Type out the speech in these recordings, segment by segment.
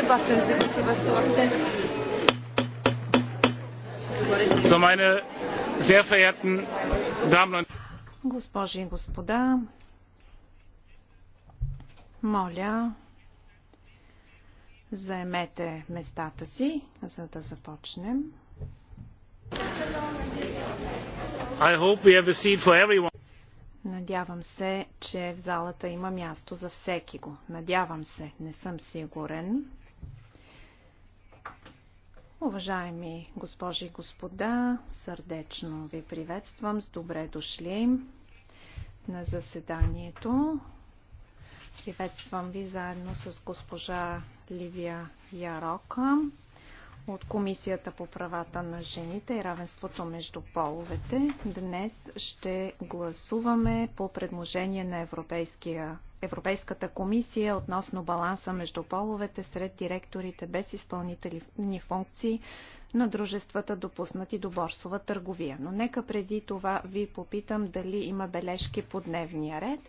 was So meine sehr verehrten Damen und Госпожи и господа, моля, заемете местата си, за да започнем. I hope we have a seat for everyone. Надявам се, че в залата има място за всеки го. Надявам се, не съм сигурен. Уважаеми госпожи и господа, сърдечно ви приветствам с добре дошли на заседанието. Приветствам ви заедно с госпожа Ливия Ярока от Комисията по правата на жените и равенството между половете. Днес ще гласуваме по предложение на Европейския Европейската комисия относно баланса между половете сред директорите без изпълнителни функции на дружествата, допуснати до борсова търговия. Но нека преди това ви попитам дали има бележки по дневния ред.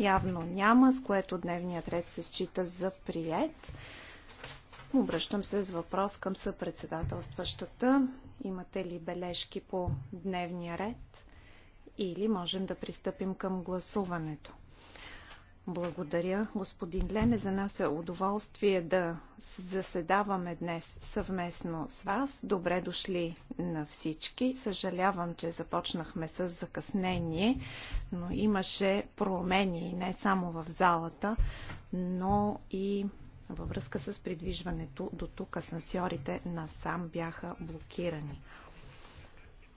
Явно няма, с което дневният ред се счита за прият. Обръщам се с въпрос към съпредседателстващата. Имате ли бележки по дневния ред? Или можем да пристъпим към гласуването? Благодаря, господин Лене. За нас е удоволствие да заседаваме днес съвместно с вас. Добре дошли на всички. Съжалявам, че започнахме с закъснение, но имаше промени не само в залата, но и във връзка с придвижването до тук асансьорите насам бяха блокирани.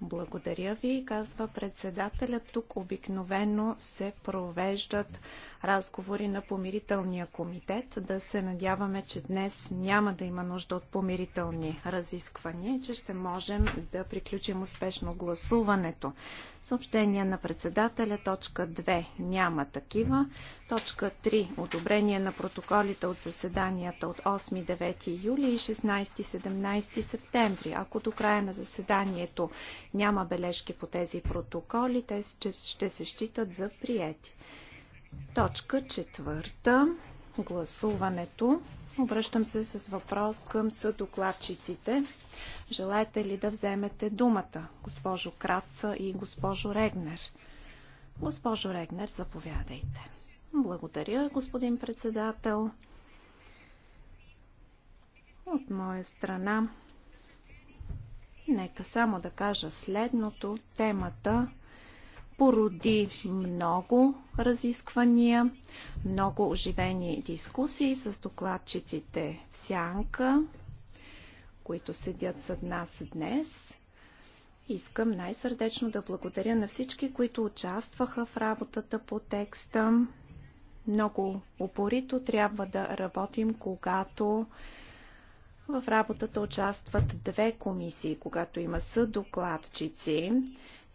Благодаря ви, казва председателя Тук обикновено се провеждат разговори на помирителния комитет. Да се надяваме, че днес няма да има нужда от помирителни разисквания и че ще можем да приключим успешно гласуването. Съобщение на председателя, точка 2 няма такива. Точка 3 одобрение на протоколите от заседанията от 8-9 юли и 16-17 септември. Ако до края на заседанието няма бележки по тези протоколи, те ще се считат за приети. Точка четвърта. Гласуването. Обръщам се с въпрос към съдокладчиците. Желаете ли да вземете думата, госпожо Краца и госпожо Регнер? Госпожо Регнер, заповядайте. Благодаря, господин председател. От моя страна, нека само да кажа следното. Темата породи много разисквания, много оживени дискусии с докладчиците в Сянка, които седят зад нас днес. Искам най-сърдечно да благодаря на всички, които участваха в работата по текста. Много упорито трябва да работим, когато в работата участват две комисии, когато има съдокладчици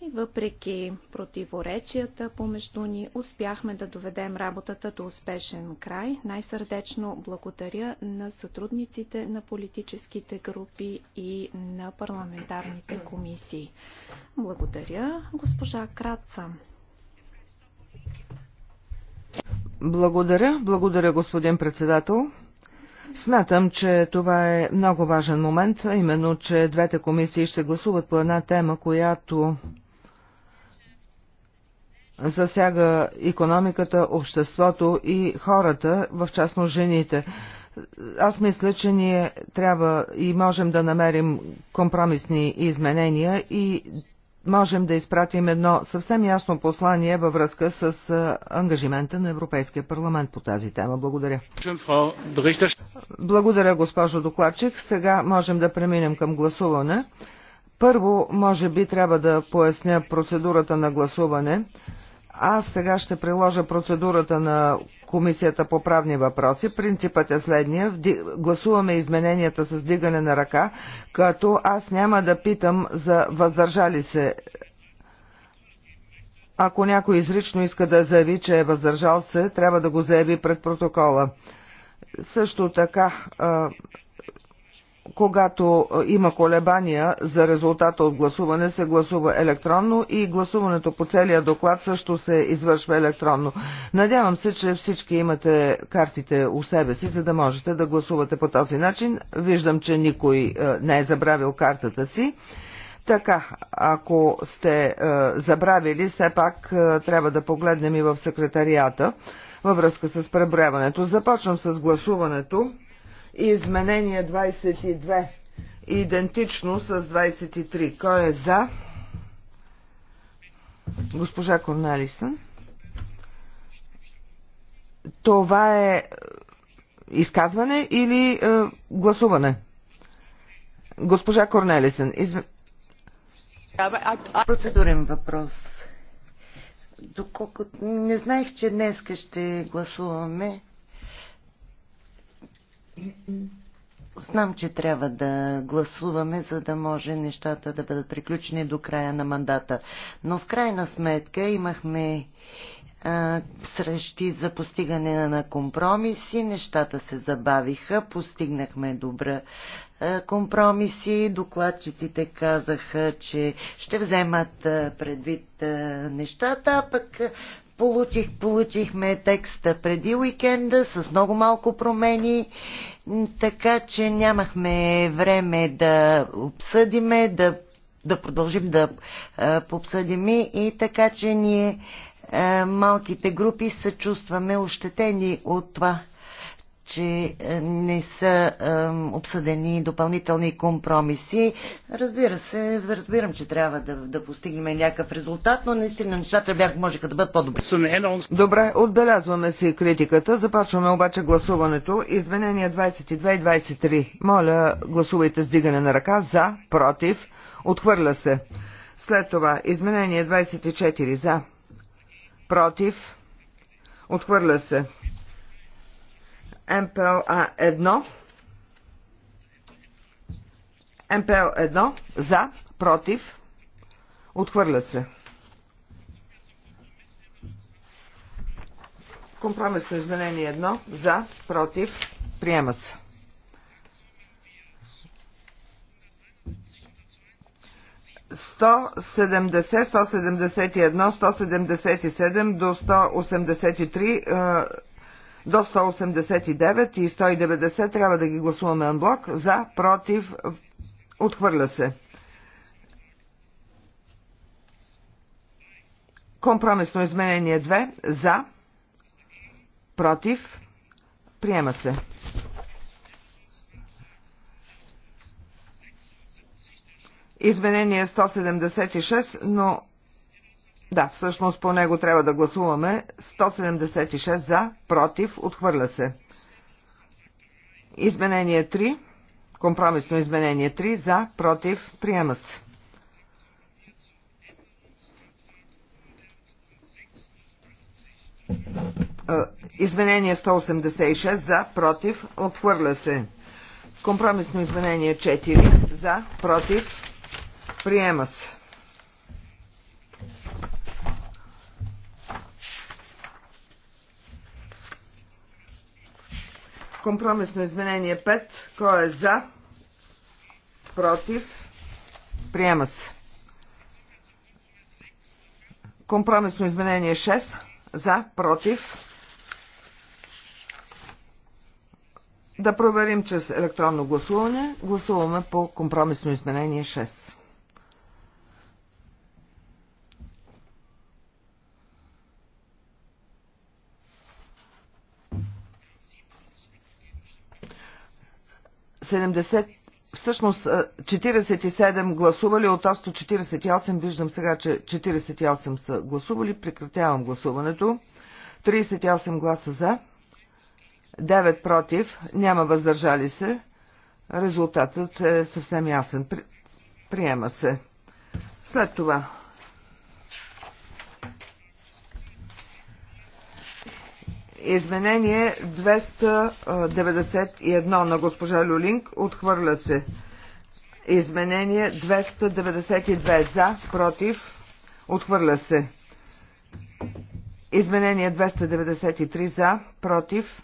и въпреки противоречията помежду ни, успяхме да доведем работата до успешен край. Най-сърдечно благодаря на сътрудниците на политическите групи и на парламентарните комисии. Благодаря, госпожа Краца. Благодаря, благодаря, господин председател. Смятам, че това е много важен момент, именно, че двете комисии ще гласуват по една тема, която засяга економиката, обществото и хората, в частност жените. Аз мисля, че ние трябва и можем да намерим компромисни изменения и можем да изпратим едно съвсем ясно послание във връзка с ангажимента на Европейския парламент по тази тема. Благодаря. Благодаря, госпожо докладчик. Сега можем да преминем към гласуване. Първо, може би трябва да поясня процедурата на гласуване. Аз сега ще приложа процедурата на Комисията по правни въпроси. Принципът е следния. Гласуваме измененията с дигане на ръка, като аз няма да питам за въздържали се. Ако някой изрично иска да заяви, че е въздържал се, трябва да го заяви пред протокола. Също така когато е, има колебания за резултата от гласуване, се гласува електронно и гласуването по целия доклад също се извършва електронно. Надявам се, че всички имате картите у себе си, за да можете да гласувате по този начин. Виждам, че никой е, не е забравил картата си. Така, ако сте е, забравили, все пак трябва да погледнем и в секретарията във връзка с преброяването. Започвам с гласуването. Изменение 22. Идентично с 23. Кой е за? Госпожа Корналисън. Това е, е изказване или е, гласуване? Госпожа Корнелисен. Изм... Процедурен въпрос. Доколко не знаех, че днес ще гласуваме Знам, че трябва да гласуваме, за да може нещата да бъдат приключени до края на мандата. Но в крайна сметка имахме а, срещи за постигане на компромиси. Нещата се забавиха, постигнахме добра компромиси. Докладчиците казаха, че ще вземат предвид нещата, а пък Получих, получихме текста преди уикенда с много малко промени, така че нямахме време да обсъдиме, да, да продължим да а, и така че ние малките групи се чувстваме ощетени от това че е, не са е, обсъдени допълнителни компромиси. Разбира се, разбирам, че трябва да, да постигнем някакъв резултат, но наистина нещата бях, можеха да бъдат по-добри. Добре, отбелязваме си критиката. Започваме обаче гласуването. Изменения 22 и 23. Моля, гласувайте с дигане на ръка. За, против, отхвърля се. След това изменение 24 за, против, отхвърля се. МПЛА 1. МПЛ 1 за, против, отхвърля се. Компромисно изменение 1 за, против, приема се. Сто седемдесет, сто седемдесет и едно, сто седемдесет и седем до сто осемдесет и три до 189 и 190 трябва да ги гласуваме анблок. За, против, отхвърля се. Компромисно изменение 2. За, против, приема се. Изменение 176, но да, всъщност по него трябва да гласуваме. 176 за, против, отхвърля се. Изменение 3. Компромисно изменение 3 за, против, приема се. Е, изменение 186 за, против, отхвърля се. Компромисно изменение 4 за, против, приема се. Компромисно изменение 5. Кой е за? Против? Приема се. Компромисно изменение 6. За? Против? Да проверим чрез електронно гласуване. Гласуваме по компромисно изменение 6. 70, всъщност 47 гласували от 148, виждам сега, че 48 са гласували, прекратявам гласуването. 38 гласа за, 9 против, няма въздържали се. Резултатът е съвсем ясен. Приема се. След това Изменение 291 на госпожа Люлинг отхвърля се. Изменение 292 за, против, отхвърля се. Изменение 293 за, против,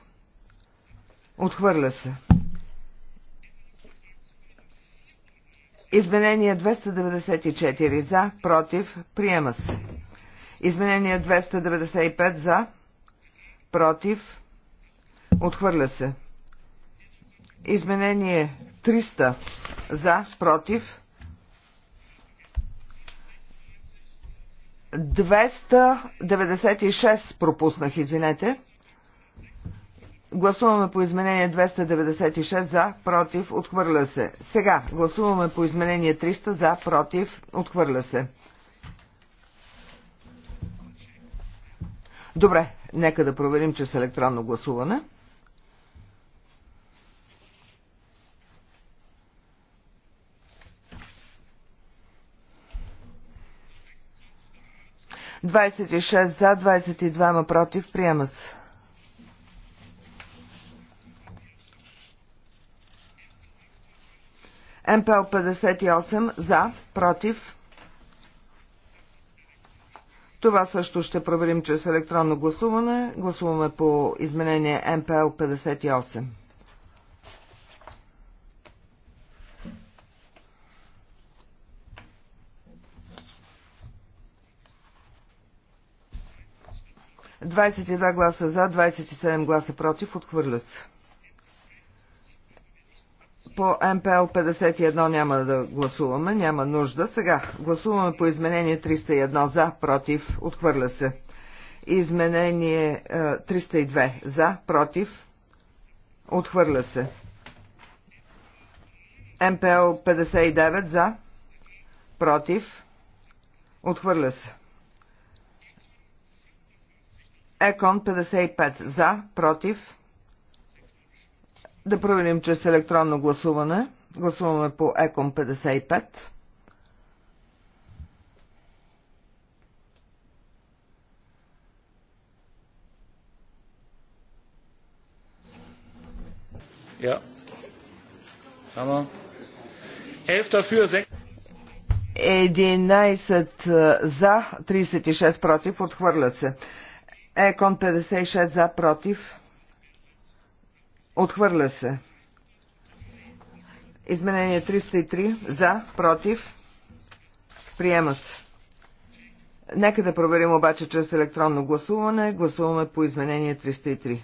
отхвърля се. Изменение 294 за, против, приема се. Изменение 295 за, против, отхвърля се. Изменение 300 за, против, 296 пропуснах, извинете. Гласуваме по изменение 296 за, против, отхвърля се. Сега гласуваме по изменение 300 за, против, отхвърля се. Добре, Нека да проверим, че с електронно гласуване. Двадесет и шест за, двадесет и двама против. Приема се. МПЛ 58 за, против. Това също ще проверим чрез електронно гласуване. Гласуваме по изменение МПЛ 58. Двадесет гласа за, 27 гласа против, отхвърля се. По МПЛ 51 няма да гласуваме, няма нужда. Сега гласуваме по изменение 301 за, против, отхвърля се. Изменение 302 е, за, против, отхвърля се. МПЛ 59 за, против, отхвърля се. ЕКОН 55 за, против, да проверим чрез електронно гласуване. Гласуваме по ЕКОМ 55. Ja. Само. 11 11 за, 36 против, отхвърля се. Екон 56 за, против. Отхвърля се. Изменение 303. За, против. Приема се. Нека да проверим обаче чрез електронно гласуване. Гласуваме по изменение 303.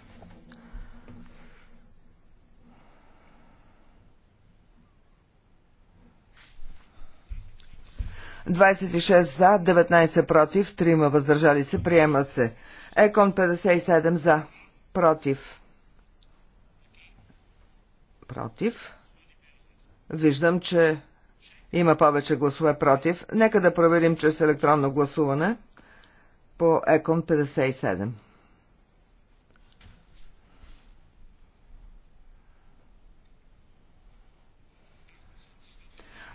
за, 19 против, 3 въздържали се, приема се. Екон 57 за, против против. Виждам, че има повече гласове против. Нека да проверим чрез електронно гласуване по ЕКОН 57.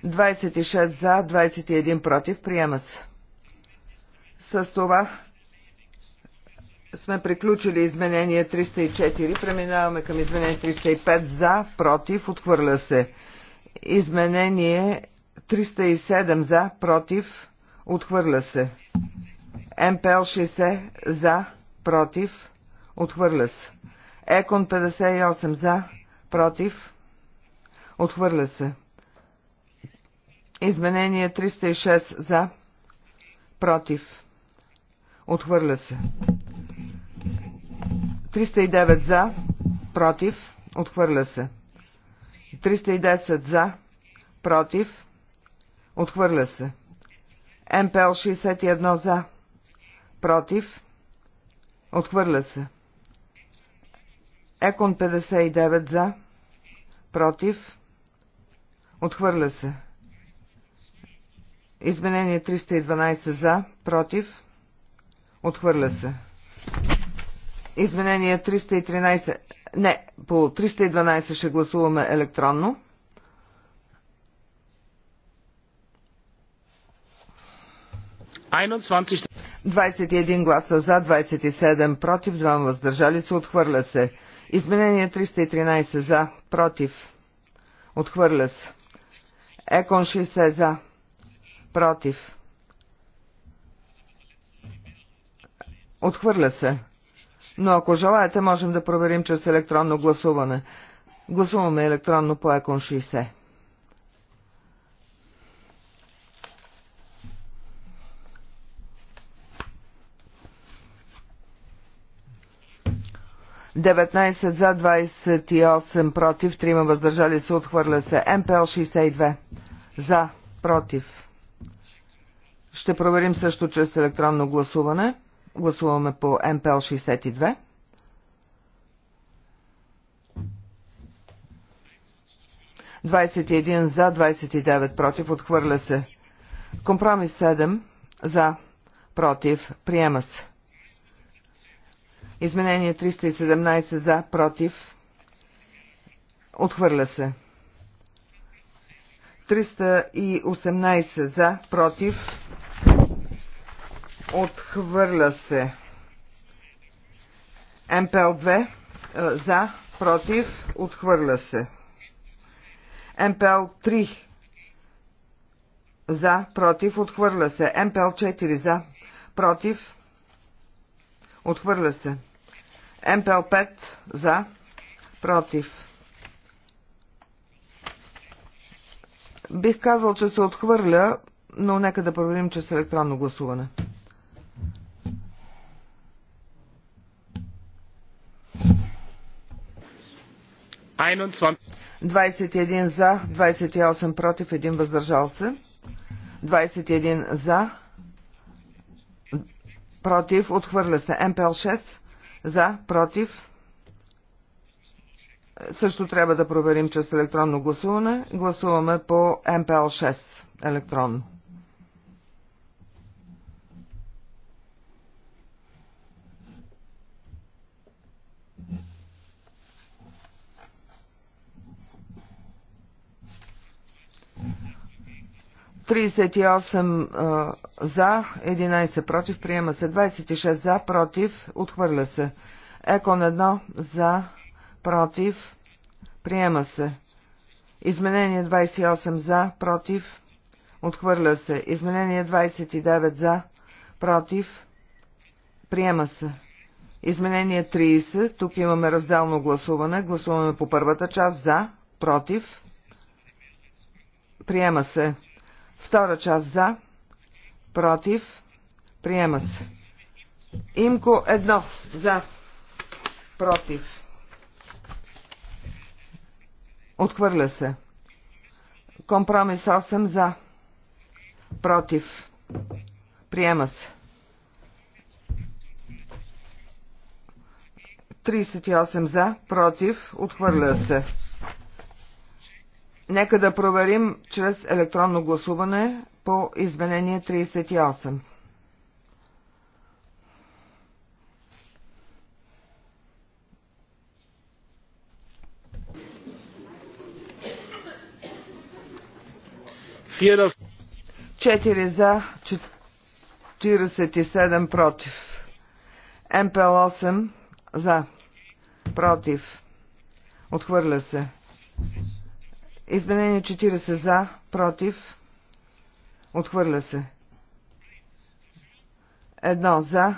Двадесет и шест за, двадесет и един против. Приема се. С това сме приключили изменение 304. Преминаваме към изменение 305. За, против, отхвърля се. Изменение 307 за, против, отхвърля се. МПЛ 60 за, против, отхвърля се. ЕКОН 58 за, против, отхвърля се. Изменение 306 за, против, отхвърля се. 309 за, против, отхвърля се. 310 за, против, отхвърля се. МПЛ 61 за, против, отхвърля се. Екон 59 за, против, отхвърля се. Изменение 312 за, против, отхвърля се. Изменение 313. Не, по 312 ще гласуваме електронно. Einundzwanzig. 21 гласа за, 27 против, 2 въздържали се, отхвърля се. Изменение 313 за, против, отхвърля се. Екон 60 за, против, отхвърля се но ако желаете, можем да проверим чрез електронно гласуване. Гласуваме електронно по Екон 60. Деветнайсет за, 28 против, трима въздържали се, отхвърля се. МПЛ 62 за, против. Ще проверим също чрез електронно гласуване. Гласуваме по МПЛ 62. Двадесет за, 29 против, отхвърля се. Компромис 7 за, против, приема се. Изменение 317 за, против, отхвърля се. 318 за, против, Отхвърля се. МПЛ-2 е, за, против, отхвърля се. МПЛ-3 за, против, отхвърля се. МПЛ-4 за, против, отхвърля се. МПЛ-5 за, против. Бих казал, че се отхвърля, но нека да проверим, че с електронно гласуване. 21 за, 28 против, 1 въздържал се. 21 за, против, отхвърля се. МПЛ 6 за, против. Също трябва да проверим чрез електронно гласуване. Гласуваме по МПЛ 6 електронно. 38 за, 11 против, приема се. 26 за, против, отхвърля се. Екон 1 за, против, приема се. Изменение 28 за, против, отхвърля се. Изменение 29 за, против, приема се. Изменение 30. Тук имаме разделно гласуване. Гласуваме по първата част за, против, приема се. Втора част за, против, приема се. Имко едно за, против. Отхвърля се. Компромис 8 за, против, приема се. 38 за, против, отхвърля се. Нека да проверим чрез електронно гласуване по изменение 38. Четири за, 47 против. МПЛ 8 за, против. Отхвърля се. Изменение 40 за, против, отхвърля се. Едно за,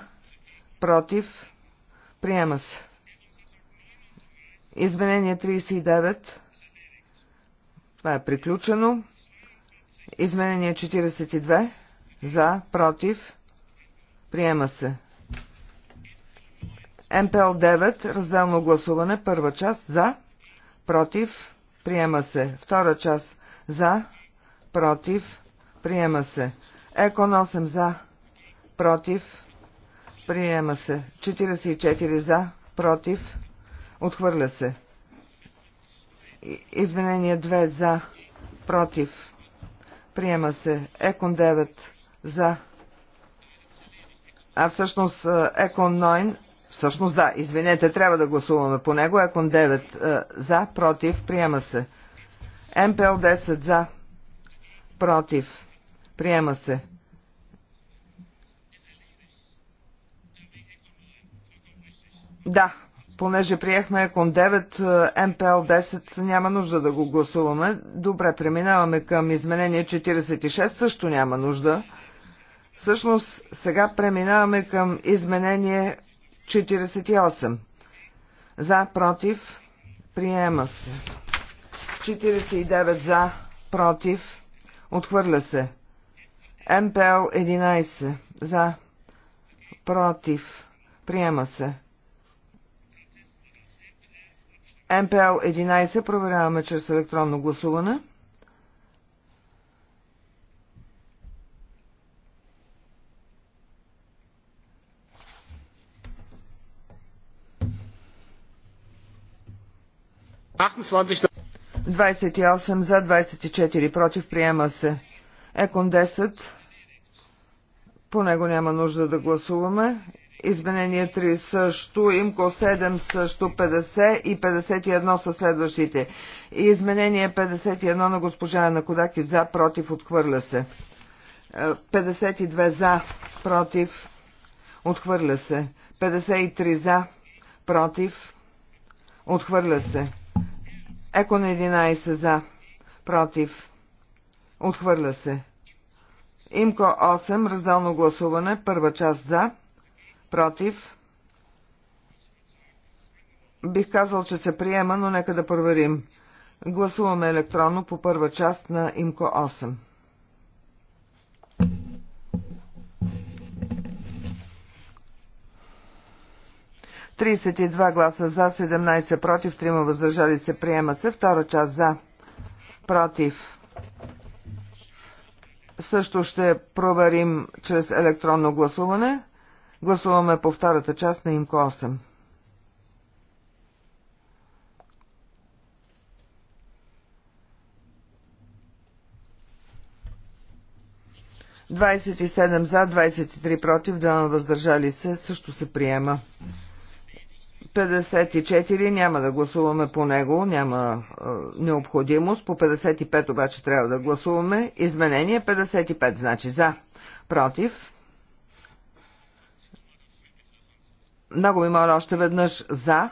против, приема се. Изменение 39. Това е приключено. Изменение 42. За, против, приема се. МПЛ 9. Разделно гласуване. Първа част. За, против, Приема се. Втора част. За. Против. Приема се. Екон 8 за. Против. Приема се. 44 за. Против. Отхвърля се. Изменение 2 за. Против. Приема се. Екон 9 за. А всъщност е, Екон 9 Всъщност да, извинете, трябва да гласуваме по него. Екон 9 е, за, против, приема се. МПЛ 10 за, против, приема се. Да, понеже приехме Екон 9, МПЛ 10 няма нужда да го гласуваме. Добре, преминаваме към изменение 46, също няма нужда. Всъщност, сега преминаваме към изменение 48. За, против, приема се. 49 за, против, отхвърля се. МПЛ 11 за, против, приема се. МПЛ 11 проверяваме чрез електронно гласуване. 28 за, 24 против, приема се. Екон 10, по него няма нужда да гласуваме. Изменение 3 също, имко 7 също, 50 и 51 са следващите. И изменение 51 на госпожа Ана Кодаки за, против, отхвърля се. 52 е, за, против, отхвърля се. 53 за, против, отхвърля се. Еко на 11 за. Против. Отхвърля се. Имко 8. Разделно гласуване. Първа част за. Против. Бих казал, че се приема, но нека да проверим. Гласуваме електронно по първа част на Имко 8. 32 гласа за, 17 против, 3 въздържали се, приема се. Втора част за, против. Също ще проверим чрез електронно гласуване. Гласуваме по втората част на имко 8. Двадесет и седем за, двадесет и три против, двама въздържали се, също се приема. 54 няма да гласуваме по него, няма е, необходимост. По 55 обаче трябва да гласуваме. Изменение 55, значи за. Против. Много ми моля още веднъж за.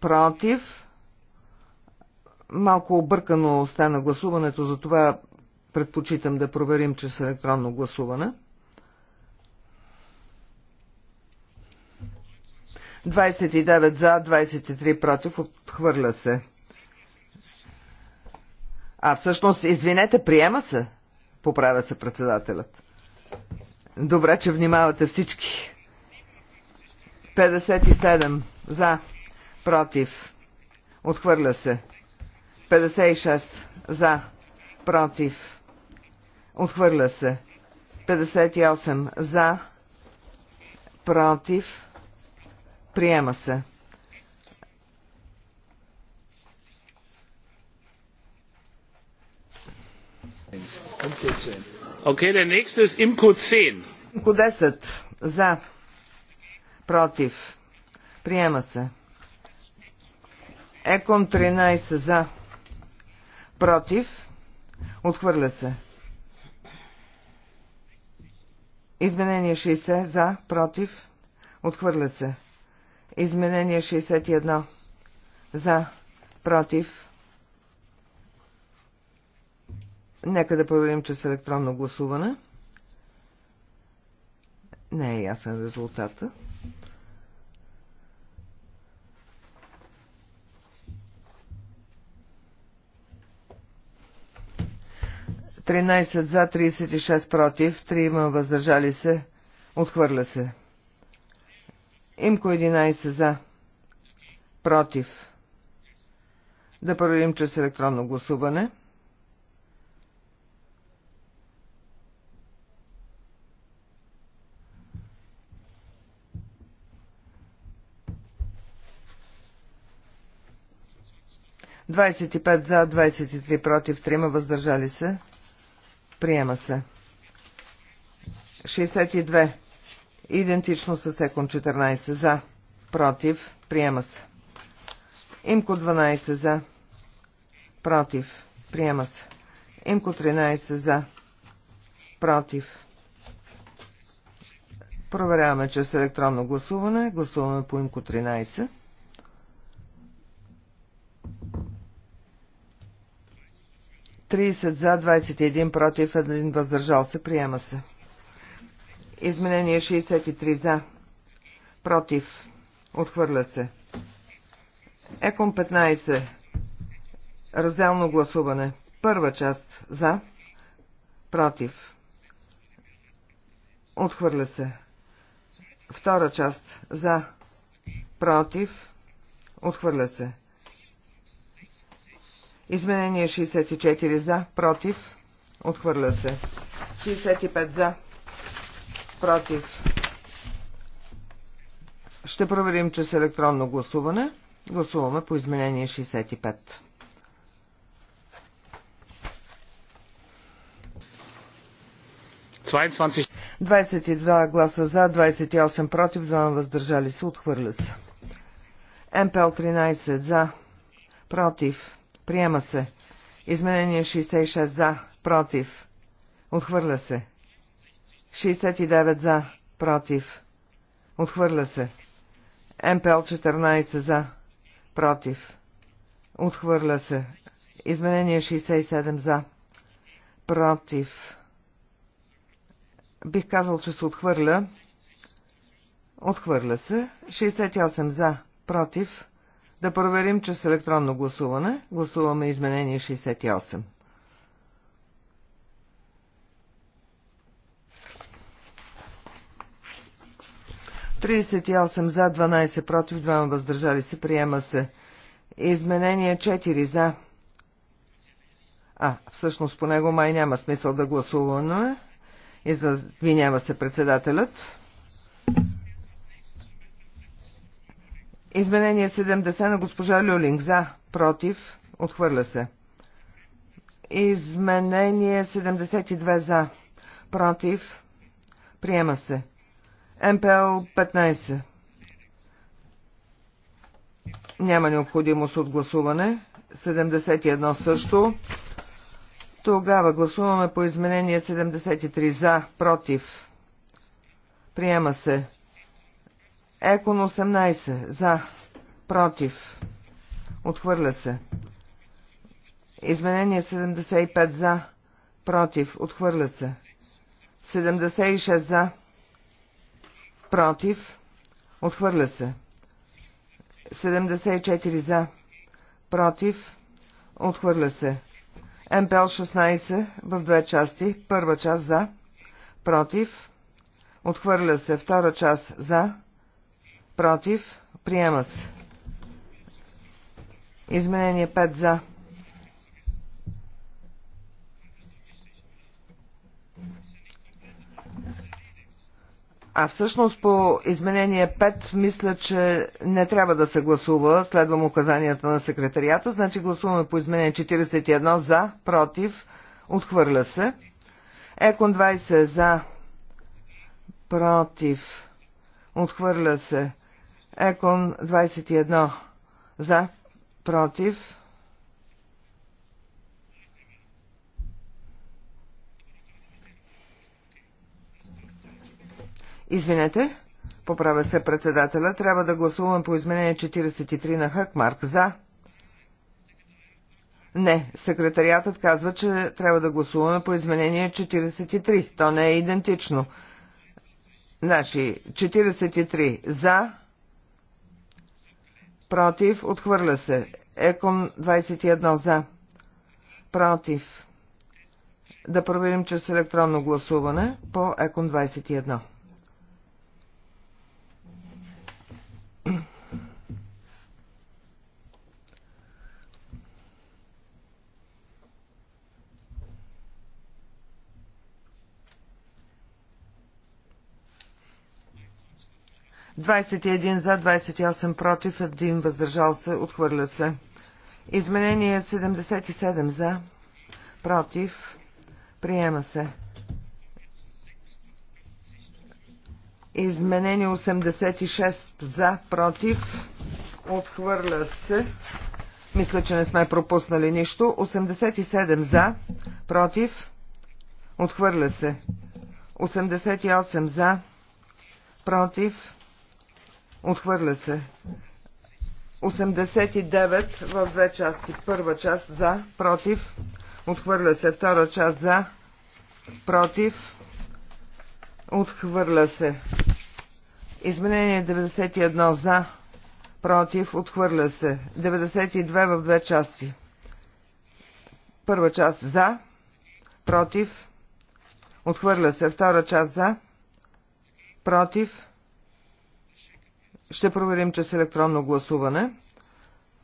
Против. Малко объркано стана гласуването, затова предпочитам да проверим че с електронно гласуване. 29 за, 23 против, отхвърля се. А всъщност, извинете, приема се, поправя се председателят. Добре, че внимавате всички. 57 за, против, отхвърля се. 56 за, против, отхвърля се. 58 за, против, Приема се. Окей, der next is Imco 10. Имко 10. За. Против. Приема се. Екон 13 за. Против. Отхвърля се. Изменение 60 за. Против. Отхвърля се. Изменение 61. За. Против. Нека да проверим, че с електронно гласуване. Не е ясен резултата. Тринайсет за, 36 против, 3 има въздържали се, отхвърля се. Имко 11 за. Против. Да проверим чрез електронно гласуване. Двадесет и пет за, двадесет и три против, трима въздържали се. Приема се. и две. Идентично с Екон 14 за. Против. Приема се. Имко 12 за. Против. Приема се. Имко 13 за. Против. Проверяваме чрез електронно гласуване. Гласуваме по имко 13. Тридесет за, 21 против, 1 въздържал се, приема се. Изменение 63 за. Против. Отхвърля се. Екон 15. Разделно гласуване. Първа част. За. Против. Отхвърля се. Втора част. За. Против. Отхвърля се. Изменение 64 за. Против. Отхвърля се. 65 за против. Ще проверим, че с електронно гласуване. Гласуваме по изменение 65. Zweiundzwanzig 22 гласа за, 28 против, 2 въздържали се, отхвърля се. МПЛ 13 за, против, приема се. Изменение 66 за, против, отхвърля се. 69 за, против. Отхвърля се. МПЛ 14 за, против. Отхвърля се. Изменение 67 за, против. Бих казал, че се отхвърля. Отхвърля се. 68 за, против. Да проверим, че с електронно гласуване гласуваме изменение 68. 38 за, 12 против, 2 въздържали се, приема се. Изменение 4 за. А, всъщност по него май няма смисъл да гласуваме. Извинява се председателят. Изменение 70 на госпожа Люлинг. За, против, отхвърля се. Изменение 72 за, против, приема се. МПЛ 15. Няма необходимост от гласуване. 71 също. Тогава гласуваме по изменение 73 за, против. Приема се. Екон 18 за, против. Отхвърля се. Изменение 75 за, против. Отхвърля се. 76 за, против, отхвърля се. 74 за, против, отхвърля се. МПЛ 16 в две части. Първа част за, против, отхвърля се. Втора част за, против, приема се. Изменение 5 за, А всъщност по изменение 5 мисля, че не трябва да се гласува. Следвам указанията на секретарията. Значи гласуваме по изменение 41 за, против, отхвърля се. Екон 20 за, против, отхвърля се. Екон 21 за, против, Извинете, поправя се председателя, трябва да гласуваме по изменение 43 на Хъкмарк. За. Не, секретариатът казва, че трябва да гласуваме по изменение 43. То не е идентично. Значи, 43 за, против, отхвърля се. Екон 21 за, против. Да проверим чрез електронно гласуване по Екон 21. 21 за, 28 против, 1 въздържал се, отхвърля се. Изменение 77 за, против, приема се. Изменение 86 за, против, отхвърля се. Мисля, че не сме пропуснали нищо. 87 за, против, отхвърля се. 88 за, против, Отхвърля се. 89 в две части. Първа част за, против. Отхвърля се. Втора част за, против. Отхвърля се. Изменение 91 за, против. Отхвърля се. 92 в две части. Първа част за, против. Отхвърля се. Втора част за, против. Ще проверим чрез електронно гласуване.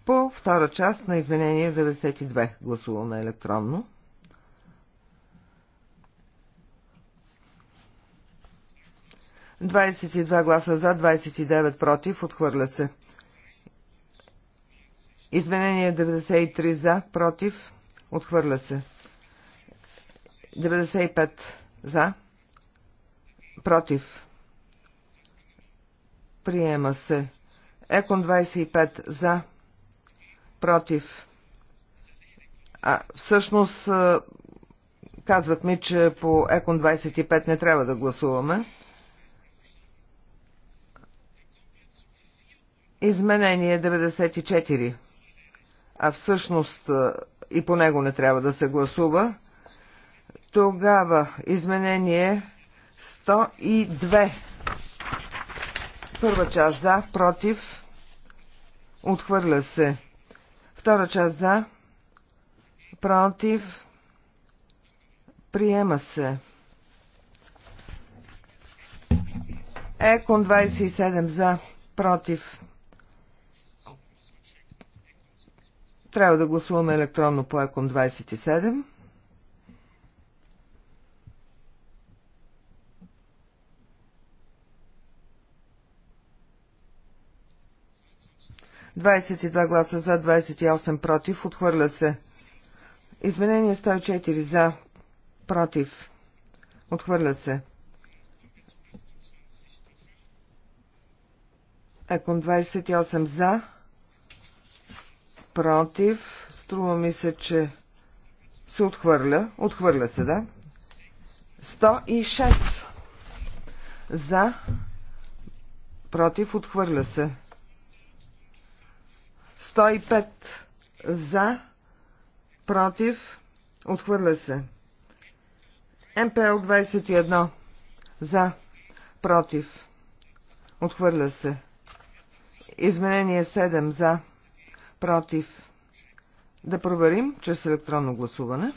По втора част на изменение 92 гласуваме електронно. Двадесет и два гласа за, 29 против, отхвърля се. Изменение 93 за, против, отхвърля се. 95 за, против, Приема се. Екон 25 за. Против. А, всъщност, казват ми, че по Екон 25 не трябва да гласуваме. Изменение 94. А всъщност и по него не трябва да се гласува. Тогава изменение 102 Първа част за, против, отхвърля се. Втора част за, против, приема се. Екон 27 за, против. Трябва да гласуваме електронно по Екон 27. 22 гласа за, 28 против. Отхвърля се. Изменение 104 за, против. Отхвърля се. Екон 28 за, против. Струва ми се, че се отхвърля. Отхвърля се, да. 106 за, против. Отхвърля се. 105 за, против, отхвърля се. МПЛ 21 за, против, отхвърля се. Изменение 7 за, против. Да проверим чрез електронно гласуване.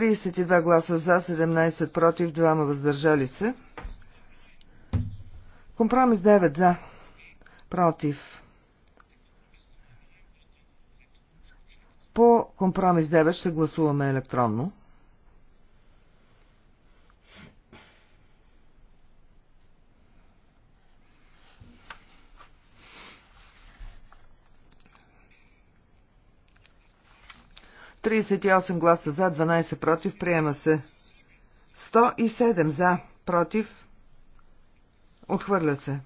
32 гласа за, 17 против, 2 въздържали се. Компромис 9 за, против. По компромис 9 ще гласуваме електронно. 38 гласа за, 12 против, приема се. 107 за, против, отхвърля се.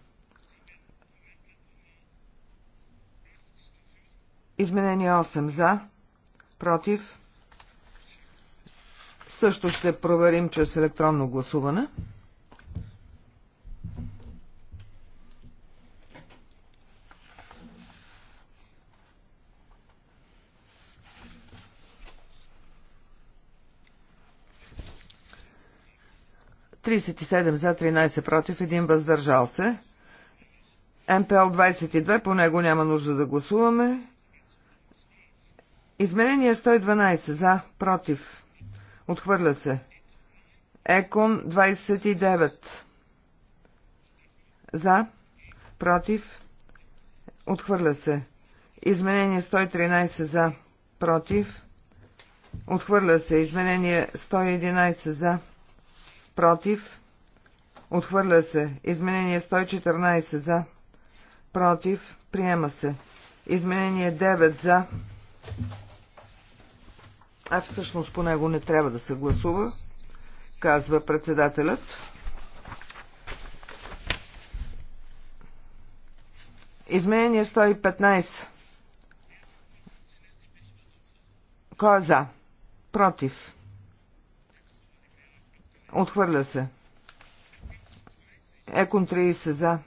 Изменение 8 за, против. Също ще проверим чрез електронно гласуване. 37 за 13 против, 1 въздържал се. МПЛ 22, по него няма нужда да гласуваме. Изменение 112 за, против. Отхвърля се. Екон 29 за, против. Отхвърля се. Изменение 113 за, против. Отхвърля се. Изменение 111 за, против против, отхвърля се. Изменение 114 за, против, приема се. Изменение 9 за, а всъщност по него не трябва да се гласува, казва председателят. Изменение 115. Кой е за? Против. Отхвърля се. Екон 30 за.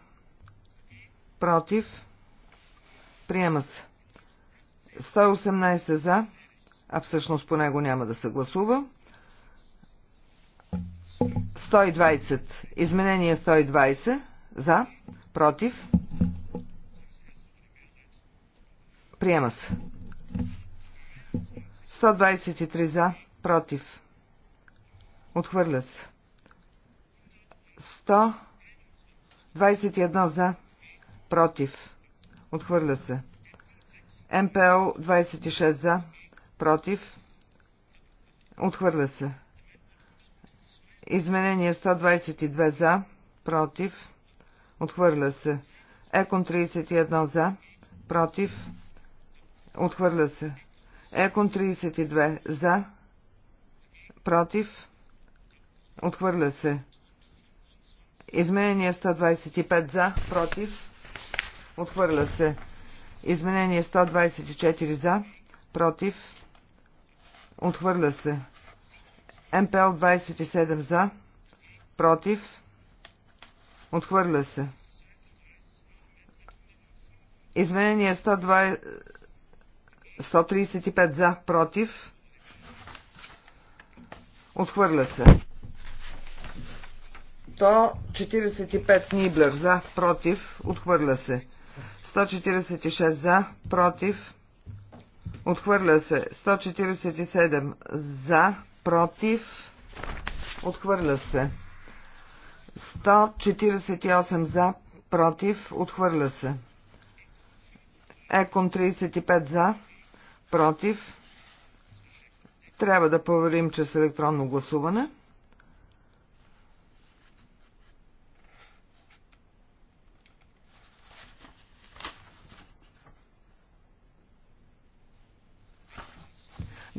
Против. Приема се. 118 за. А всъщност по него няма да се гласува. 120. Изменение 120. За. Против. Приема се. 123 за. Против. Отхвърля се. 121 за. Против. Отхвърля се. МПЛ 26 за. Против. Отхвърля се. Изменение 122 за. Против. Отхвърля се. Екон 31 за. Против. Отхвърля се. Екон 32 за. Против. Отхвърля се. Изменение 125 за, против. Отхвърля се. Изменение 124 за, против. Отхвърля се. МПЛ 27 за, против. Отхвърля се. Изменение 120... 135 за, против. Отхвърля се. 145 Ниблер за, против, отхвърля се. 146 за, против, отхвърля се. 147 за, против, отхвърля се. 148 за, против, отхвърля се. Екон 35 за, против. Трябва да че чрез електронно гласуване.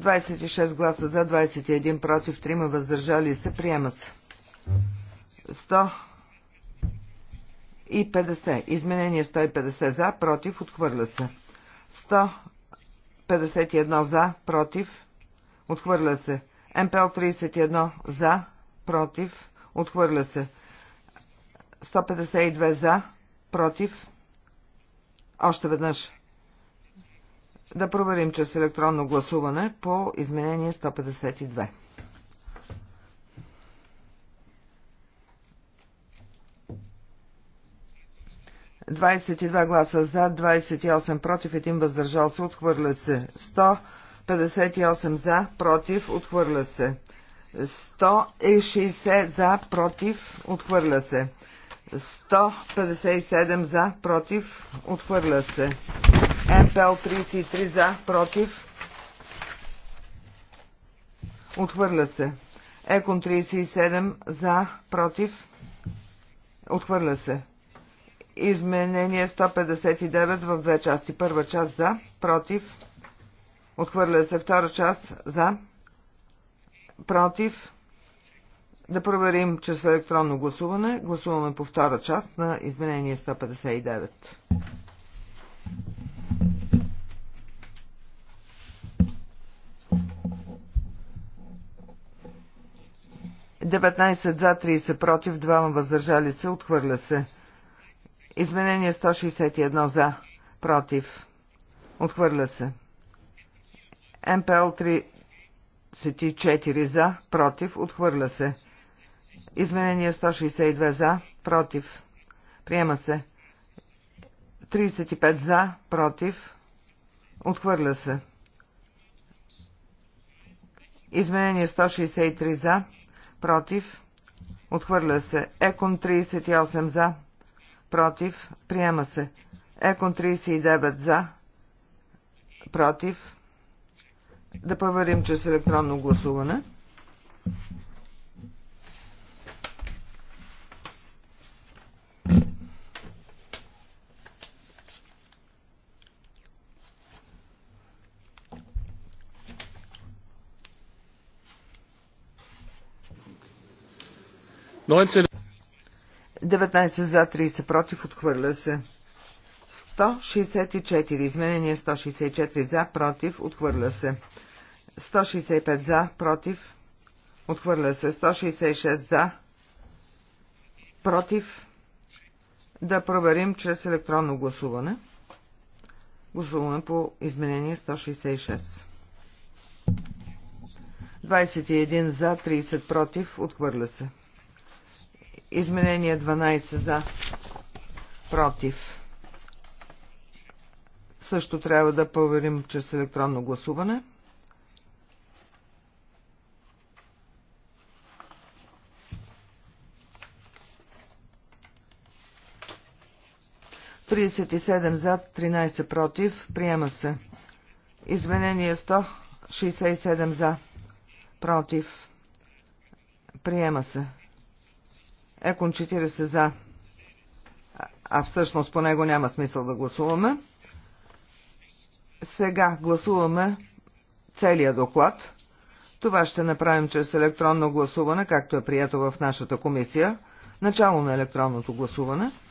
26 гласа за, 21 против, 3 въздържали се. Приема се. 100 и 50. Изменение 150 за, против, отхвърля се. 151 за, против, отхвърля се. МПЛ 31 за, против, отхвърля се. 152 за, против, още веднъж. Да проверим чрез електронно гласуване по изменение 152. Двадесет и два гласа за, 28 против, един въздържал се, отхвърля се. 158 за, против, отхвърля се. 160 за, против, отхвърля се. 157 за, против, отхвърля се. МПЛ 33 за, против. Отхвърля се. Екон 37 за, против. Отхвърля се. Изменение 159 в две части. Първа част за, против. Отхвърля се втора част за, против. Да проверим чрез електронно гласуване. Гласуваме по втора част на изменение 159. 19 за 30 против, 2 въздържали се, отхвърля се. Изменение 161 за против, отхвърля се. МПЛ 34 за против, отхвърля се. Изменение 162 за против, приема се. 35 за против, отхвърля се. Изменение 163 за против, отхвърля се. Екон 38 за, против, приема се. Екон 39 за, против. Да че чрез електронно гласуване. 19... за 30 против отхвърля се. 164. Изменение 164 за против отхвърля се. 165 за против отхвърля се. 166 за против да проверим чрез електронно гласуване. Гласуваме по изменение 166. 21 за, 30 против, отхвърля се. Изменение 12 за. Против. Също трябва да проверим чрез електронно гласуване. Тридесет и седем за, 13 против. Приема се. Изменение 100, 67 за. Против. Приема се. Екон 40 за, а всъщност по него няма смисъл да гласуваме. Сега гласуваме целият доклад. Това ще направим чрез електронно гласуване, както е прието в нашата комисия. Начало на електронното гласуване –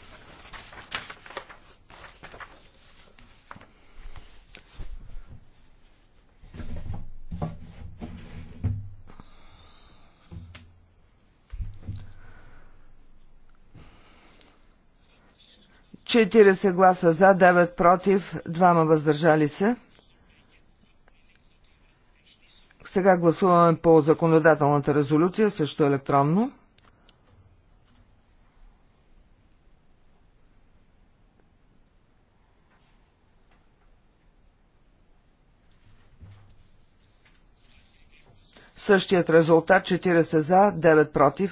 40 гласа за, 9 против, 2 ма въздържали се. Сега гласуваме по законодателната резолюция, също електронно. Същият резултат 40 за, 9 против,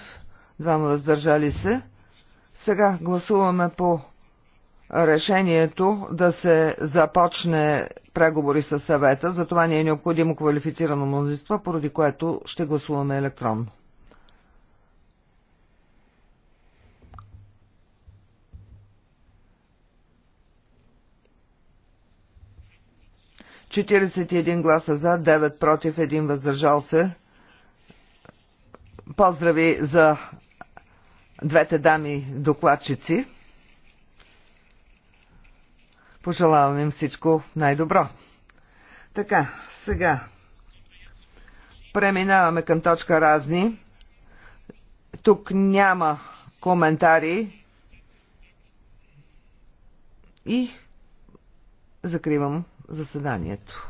2 въздържали се. Сега гласуваме по решението да се започне преговори с съвета. За това ни е необходимо квалифицирано мнозинство, поради което ще гласуваме електронно. Четиридесет и един гласа за, девет против, един въздържал се. Поздрави за двете дами докладчици. Пожелавам им всичко най-добро. Така, сега преминаваме към точка разни. Тук няма коментари. И закривам заседанието.